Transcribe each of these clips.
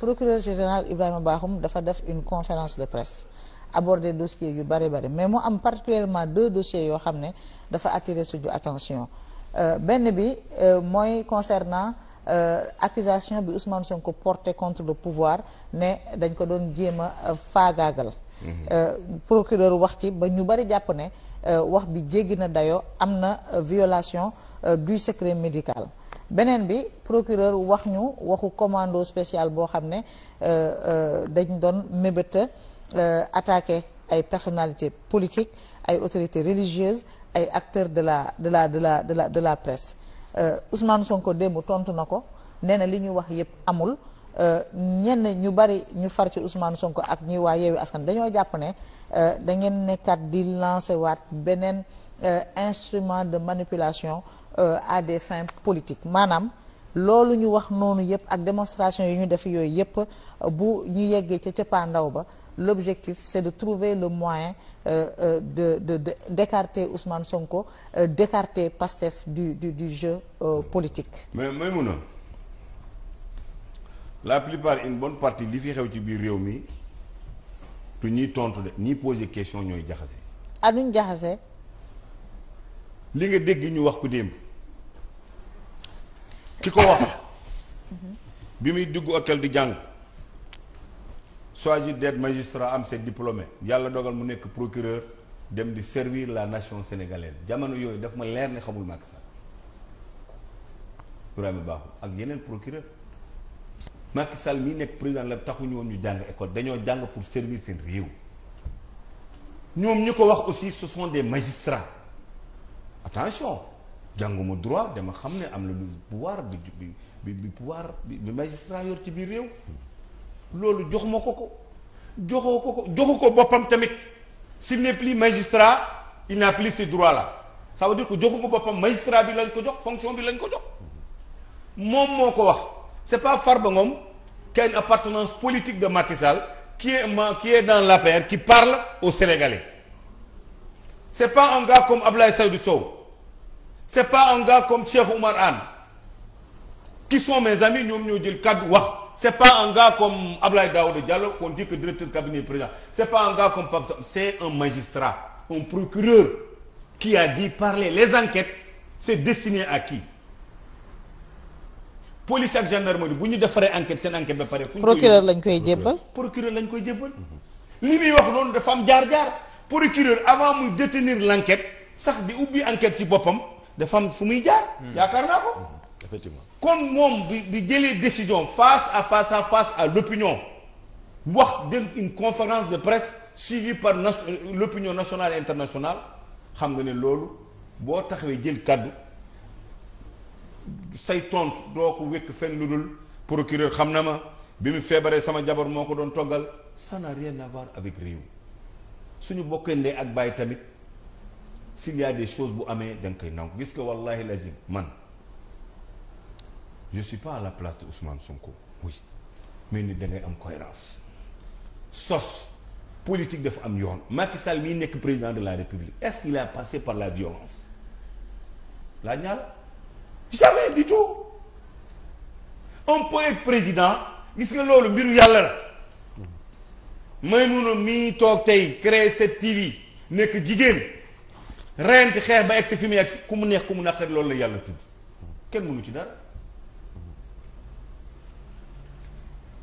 procureur général Ibrahima Bakhoum dafa def une conférence de presse aborder dossier yu bari bari mais mu am particulièrement deux dossiers yoo xam ne dafa attirer suñu attention euh, benn bi euh, mooy concernant euh, accusation bi Ousmane ko porté contre le pouvoir ne dañ ko doon jéem a faagaagal mm-hmm. procureur wax ci ba ñu bari jàpp ne wax bi jéggi na dayo am na violation du secret médical beneen bi procureur wax ñu waxu commando spécial boo xam ne euh, euh, dañ doon mébét euh, attaqué ay personnalités politique ay autorités religieuses ay acteurs de la de la de la de la de la presse Ousmane Sonko démb tontu na ko nee na li ñu wax yépp amul ñenn ñu bari ñu far ci Ousmane Sonko ak ñi waa Yewwi Askan dañoo jàpp ne da ngeen nekkaat di lancer waat beneen instrument de manipulation Euh, à des fins politiques maanaam loolu ñu wax noonu yëpp ak démonstration yi ñu def yooyu yëpp euh, bu ñu yeggee ca cappaandaw ba l'objectif c'est de trouver le moyen euh, euh, de de de d'écarter Ousmane Sonko euh, d'écarter Pastef du du du jeu euh, politique. mais Maïmouna la plupart une bonne partie li fi xew ci biir réew mi du ñuy tontu de ñiy poser question ñooy jaxase. ah duñ jaxase. li nga dégg ñu wax ko démb ki ko wax bi muy dugg école di jàng choisir d'être magistrat am ses diplômé yàlla dogal mu nekk procureur dem di servir la nation sénégalaise jamono yooyu daf ma leer ne xamul Macky Sall Ibrahima Bakhoum ak yeneen procureur Macky Sall mii nekk président la taxuñu woon ñu jàng école dañoo jàng pour servir seen réew ñoom ñu ko wax aussi ce sont attention jànguma droit dama xam ne am na lu pouvoir bi bi bi bi pouvoir bi magistrat yor ci biir réew loolu jox ma ko ko joxoo ko ko joxu ko boppam tamit s'il n'est plus magistrat il n'a plus ces droits là ça veut dire que joxu ko boppam magistrat bi lañ ko jox fonction bi lañ ko jox moom moo ko wax c'est pas Farba Ngom qui a une appartenance politique de Macky Sall qui est qui est dans l'APR qui parle aux Sénégalais c'est pas un gars comme Ablaye Seydou Sow c'est pas un gars comme Cheikh Oumar Anne qui sont mes amis ñoom ñoo jël kàddu wax c'est pas un gars comme Ablaye Daouda Diallo qu'on dit que directeur cabinet président c'est pas un gars comme Pape c'est un magistrat un procureur qui a dit parler les enquêtes c'est destiné à qui bu ñu defaree enquête seen enquête ba pare. procureur lañ koy jébbal procureur lañ koy jébbal. li muy wax noonu dafa am jaar-jaar. procureur avant mu détenir l'enquête sax di ubbi enquête ci boppam dafa fu muy jaar. Hmm. yaakaar naa ko. Hmm. effectivement kon moom bi bi jëlee décision face à face à face à l'opinion wax dem une conférence de presse suivie par na euh, l'opinion nationale et internationale xam nga ne loolu boo taxawee jël kàddu say tontu doo ko wékk fen lu dul procureur xam na ma bi mu feebaree sama jabar moo ko doon toggal ça n'a rien à avec réew. suñu bokkee ndey ak bàyyi tamit s'il y a des bu amee da nga koy nangu gis nga wallahi lazim man je suis pas à la place de Ousmane Sonko oui mais ni da ngay am cohérence sos politique dafa am yoon Macky Sall mii nekk président de la République est-ce qu'il a passé par la violence laa ñaal jamais du tout on peut président gis nga loolu mbiru yàlla la Maymuna mii toog tey créer cette TV nekk jigéen reyante xeex ba egsi fi mu egsi ku mu neex ku mu naqari loolu la yàlla tudd kenn mënu ci dara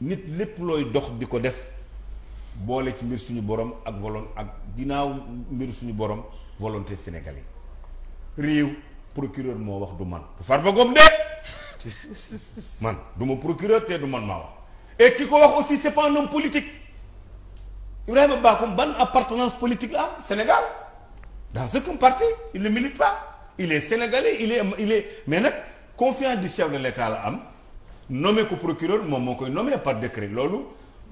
nit lépp looy dox di ko def boole ci mbir suñu borom ak volon ak ginnaaw mbir suñu borom volonté sénégalais réew procureur moo wax du man bu Farba Ngom de man duma ma procureur te du man maa wax et ki ko wax aussi c'est politique Ibrahima Bakhoum ban appartenance politique la am Sénégal dans aucun parti il ne milite pas il est sénégalais il est il est mais nag confiance du chef de l'État la am nommé ko procureur moom moo koy nommé par décret loolu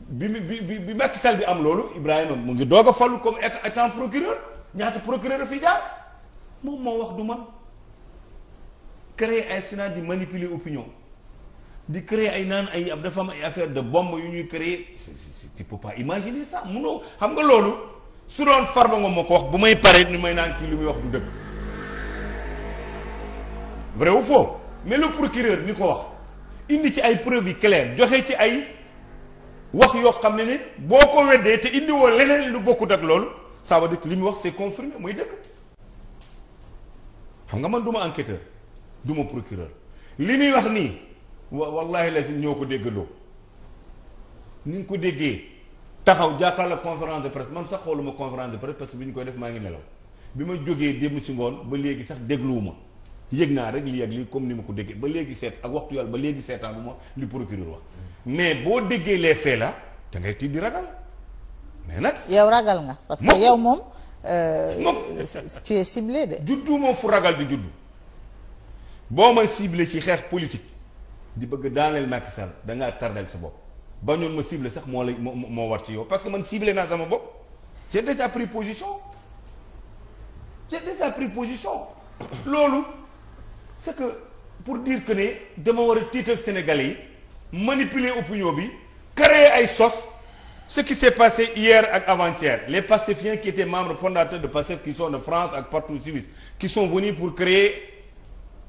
bi bi bi bi Macky Sall bi am loolu Ibrahima mu ngi doog a fallu comme étant procureur ñaata procureur a fi jaar moom moo wax du man créer un Sénat di manipuler opinion. di créer ay naan ay am dafa am ay affaire de bombe yu ñuy créer tu peux pas imaginer ça munoo xam nga loolu su doon Farba Ngom moo ko wax bu may pare ni may naan kii li muy wax du dëgg vrai ou faux mais le procureur ni ko wax indi ci ay preuves yi joxe ci ay wax yoo xam ne ni boo ko weddee te indi woo leneen lu bokkut ak loolu ça veut li muy wax c'est confirmé mooy dëgg xam nga man duma enquêteur duma procureur li muy wax nii wa wallaahi lazim ñoo ko doo ni nga ko déggee taxaw jàkkaarloo conférence de presse man sax xooluma conférence de presse parce que bi ñu koy def maa ngi nelaw bi ma jógee démb si ngoon ba léegi sax dégluwuma yëg naa rek lii ak lii comme ni ma ko déggee ba léegi seet ak waxtu yàlla ba léegi seetaanuma li procureur wax mais boo déggee lee faits la da ngay tiit di ragal mais nag. yow ragal nga. parce que yow moom. Euh, moom tu es ciblé de. juddu moom fu ragal di juddu boo ma ci xeex politique. di bëgg daaneel Macky Sall da ngaa tardel sa bopp ba bañoon ma cible sax moo la moo moo war ci yow parce que man cible naa sama bopp j'ai déjà pris position j'ai déjà pris position loolu c'est que pour dire que ne dama war a tiital Sénégalais yi manipuler opinion bi créer ay sos ce qui s'est passé hier ak avant-hier les pacifiens qui étaient membres fondateurs de PASTEF qui sont France ak partout Suisse qui sont venus pour créer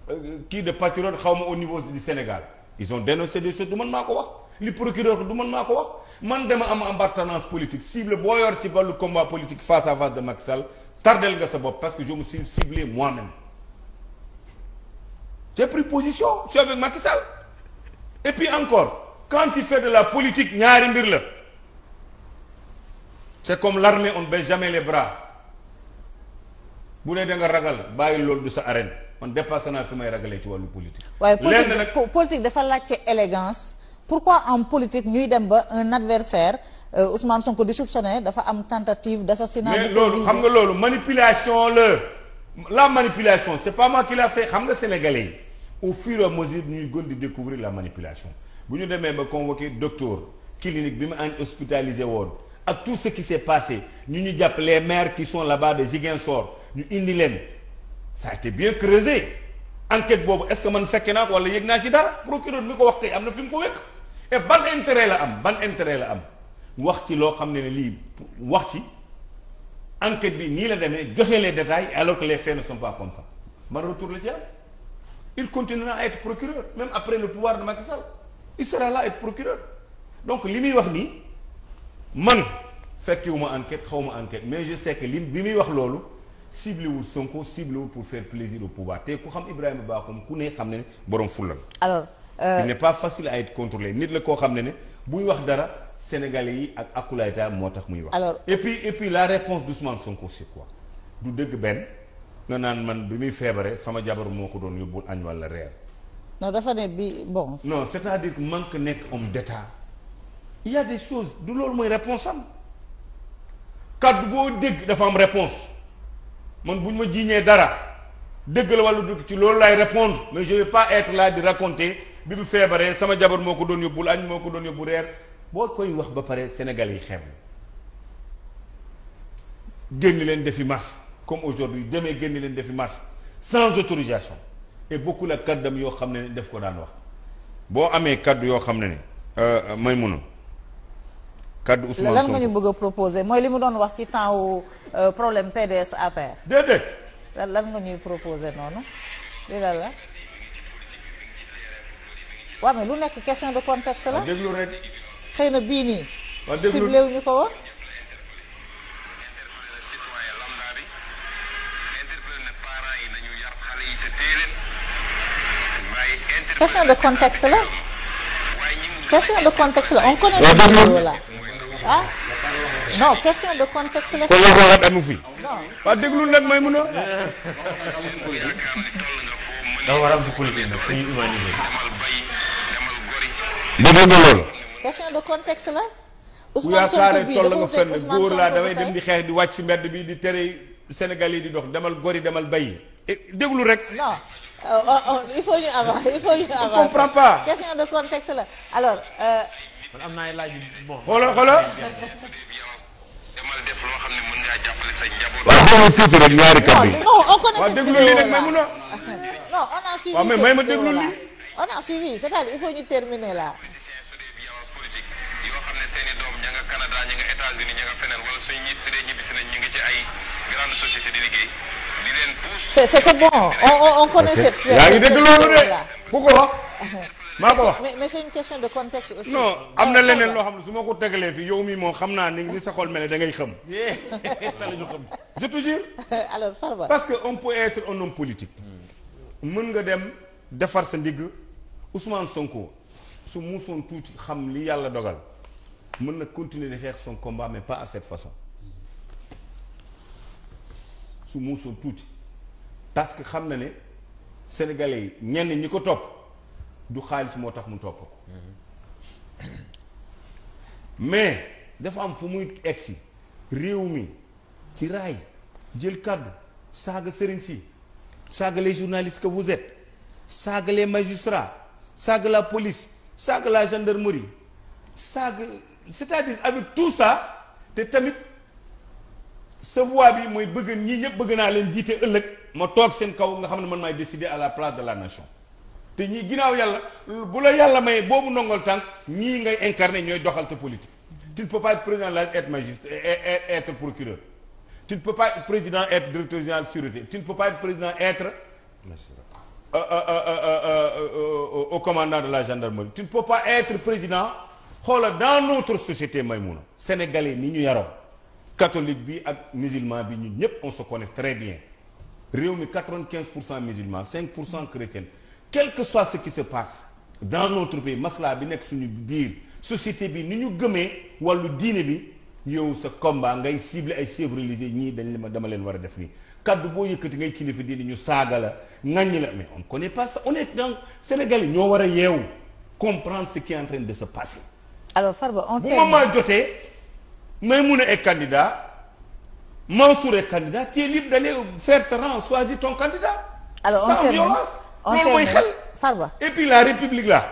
Euh, kii de patriote xaw ma au niveau du Sénégal ils ont dénoncé des choses du man maa ko wax li procureur du man maa ko wax man dama am appartenance politique cible boo yor ci wàllu combat politique face à face de Macky Sall tardel nga sa bopp parce que je me suis ciblé moi-même j'ai pris position je suis avec Macky et puis encore quand il fait de la politique ñaari mbir la c'est comme l'armée on ne baisse jamais les bras bu ne da nga ragal bàyyi loolu du sa arène man dépassé naa fi may ragalee ci wàllu politique. waaye politique politique dafa laajte élégance pourquoi en politique ñuy dem ba un adversaire euh, Ousmane Sonko di soupçonné dafa am tentative d'assassinat. mais loolu xam nga loolu manipulation la la manipulation c'est pas moi qui l'a fait xam nga sénégalais yi au fur et à mesure ñuy gën découvrir la manipulation bu ñu demee ba convoqué docteur clinique bi mu en hospitalisé woon ak tout ce qui s'est passé ñu ñu jàpp les maires qui sont là-bas de ñu indi leen. ça a été bien creusé enquête boobu est-ce que man fekke naa ko wala yëg naa ci dara procureur mi ko wax kay am na fi mu ko wékk ban intérêt la am ban intérêt la am wax ci loo xam ne ne lii wax ci enquête bi nii la demee joxe les détails alors que les faits ne sont pas comme ça man retour la ci am il continuera à être procureur même après le pouvoir de Macky Sall il sera là à procureur donc li muy wax nii man fekkiwuma enquête xawma enquête mais je sais que li bi muy wax ciblé wul Sonko ciblé wul pour faire plaisir au pouvoir te ku xam Ibrahima Bakhoum ku ne xam ne borom fulal. alors euh... il n'est pas facile à être contrôlé nit la koo xam ne ne buy wax dara sénégal yi ak akulaayta moo tax muy wax. alors et puis et réponse d'Ousmane Sonko c'est quoi du dëgg benn nga naan man bi muy feebaree sama jabar moo ko doon yóbbul añ walla reer. non dafa ne bi bon. non c'est-à-dire que manque nekk homme d'État il y du loolu mooy réponse am kàddu boo dégg dafa am réponse man bu ñu ma jiiñee dara dëgg la wàllu dëgg ci loolu laay répondre mais je pas être laa di raconter bi bu feebaree sama jabar moo ko doon yóbbul añ moo ko doon yóbbu reer boo koy wax ba pare Sénégal yi xew génn leen defi mars comme aujourd'hui demee génn leen defi mars sans autorisation et beaucoup la kàddam yoo xam ne def ko daan wax boo amee kàddu yoo xam ne ni euh, may munu kaddu Ousmane Sonko lan nga ñu bëgg a proposer mooy li mu doon wax ci temps euh, problème PDS APR. déedéet. lan lan nga ñuy la waaw mais lu nekk question de contexte la. déglu xëy na bii nii. waaw déglu ñu ko woon. question de contexte la. question de contexte la ah non question de contexte la. kon waxoowaat amu fi. non waaw déglul nag may mun a. dafa war a am ci politique nag suñu humanisé. dégg la. Ousmane Sonko damay dem di xeex di wàcc mbedd bi di tere Sénégal yi di dox demal gori demal bayi eh, déglu rek. non euh, euh, euh, il faut ñu avancer il faut ñu avancer. question de contexte la alors. man am naa ay def loo xam ne mën ngaa non on connaît. waaw déglu lii on a suivi. waaw mais may ma déglu lii. on bon on on on connaît cette. yaa ngi maa ko wax mais mais c'est une question de contexte aussi. am na ah, leneen loo xam ne su ma ko tegalee fii yow mi moom xam naa ni ni sa xol mel da ngay xam. je te jure. alors Farba. parce que on peut être un homme politique. mën nga dem defar sa ndigg Ousmane Sonko su muusoon tuuti xam li yàlla dogal mën na continuer di xeex son combat mais pas à cette façon su muusoon tuuti parce que xam na ne sénégalais yi ñenn ñi ko topp. du xaalis moo tax mu topp ko mais dafa am fu muy egsi réew mi ci raay jël kàddu saaga sëriñ si saaga les journalistes que vous saaga les magistrats saaga la police saaga la gendarmerie saaga c'est-à-dire avec tout ça te tamit sa voix bi mooy bëgg ñii ñëpp bëgg naa leen jiite ëllëg ma toog seen kaw nga xam ne man maay décider à la place de la nation te ñii ginnaaw yàlla bu la yàlla may boobu nongol tant ñii ngay incarné ñooy doxal ta politique tu ne peux pas être président de la être magistrat être procureur tu ne peux pas être président être directeur général de sûreté tu ne peux pas être président xoola euh, euh, euh, au commandant de la gendarmerie tu ne peux pas ni ñu yaroo catholique bi ak musulman bi ñu ñëpp on se connaît très bien réew mi quatre-vingt-quinze pour cent musulman cinq pour cent chrétien quelque que soit ce qui se passe dans notre pays masla bi nekk suñu biir société bi ni ñu gëmee wàllu diine bi yow sa combat ngay cible ay chefs religieux ñii dañ la ma dama leen war a def nii kàddu boo yëkkati ngay kilifa diine ñu saaga la ŋàññi la mais on connaît pas ça on est dans Sénégal yi ñoo war a yeewu comprendre ce qui est en train de se passer. alors Farba on bu moment jotee Maïmouna est candidat Mansour est candidat tu es libre d'aller faire sa rang choisir ton candidat. alors loolu mooy xel Farba et puis la république là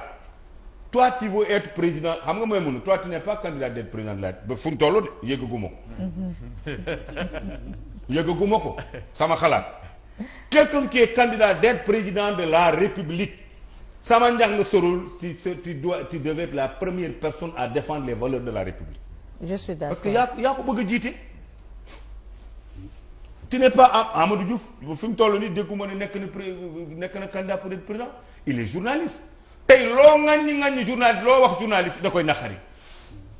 toi tu veux président xam nga mooy mënu toi tu n'es pas candidat d'être président de la ba fu mu toll de yëgguma ko sama xalaat quelqu'un qui est candidat d'être président de la république sama njàng sorul si tu dois tu devais être la première personne à défendre les de la république je parce que yaa yaa ko bëgg a jiite tu n'es pas ah Amadou Diouf fi mu toll nii dégguma ne nekk na pré nekk na candidat pour être président il est journaliste tey loo ŋaññi ŋaññi journaliste loo wax journaliste da koy naqari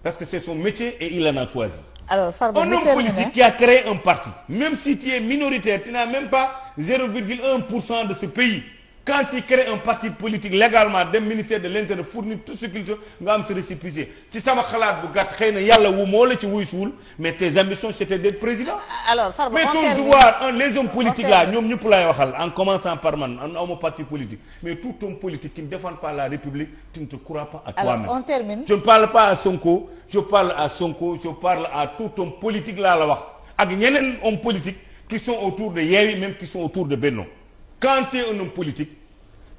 parce que c'est son métier et il en a choisi. un homme politique qui a créé un parti. même si tu es minoritaire tu n'as même pas 0,1 pour cent de ce pays. quand il crée parti politique légalement dem ministère de l'intérieur fournir tout ce qu'il nga am sa récépissé ci sama xalaat bu gàtt xëy na yàlla wu moo la ci wuy suwul mais tes ambitions c'était d'être président. alors Farba mais ton devoir les hommes politiques ñoom ñëpp laay waxal en commençant par man en awma parti politique mais tout homme politique qui ne défend la République tu ne te crois pas à toi-même. je ne parle pas à Sonko je parle à à tout politique la wax ak ñeneen homme politique qui sont autour de Yewwi même qui Quand tu es un homme politique,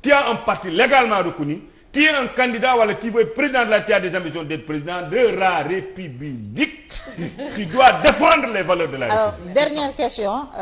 tu as un parti légalement reconnu, tu es un candidat wala tu veux président de la tu des ambitions d'être président de la République. Tu dois défendre les valeurs de la République. Alors, dernière question. Euh,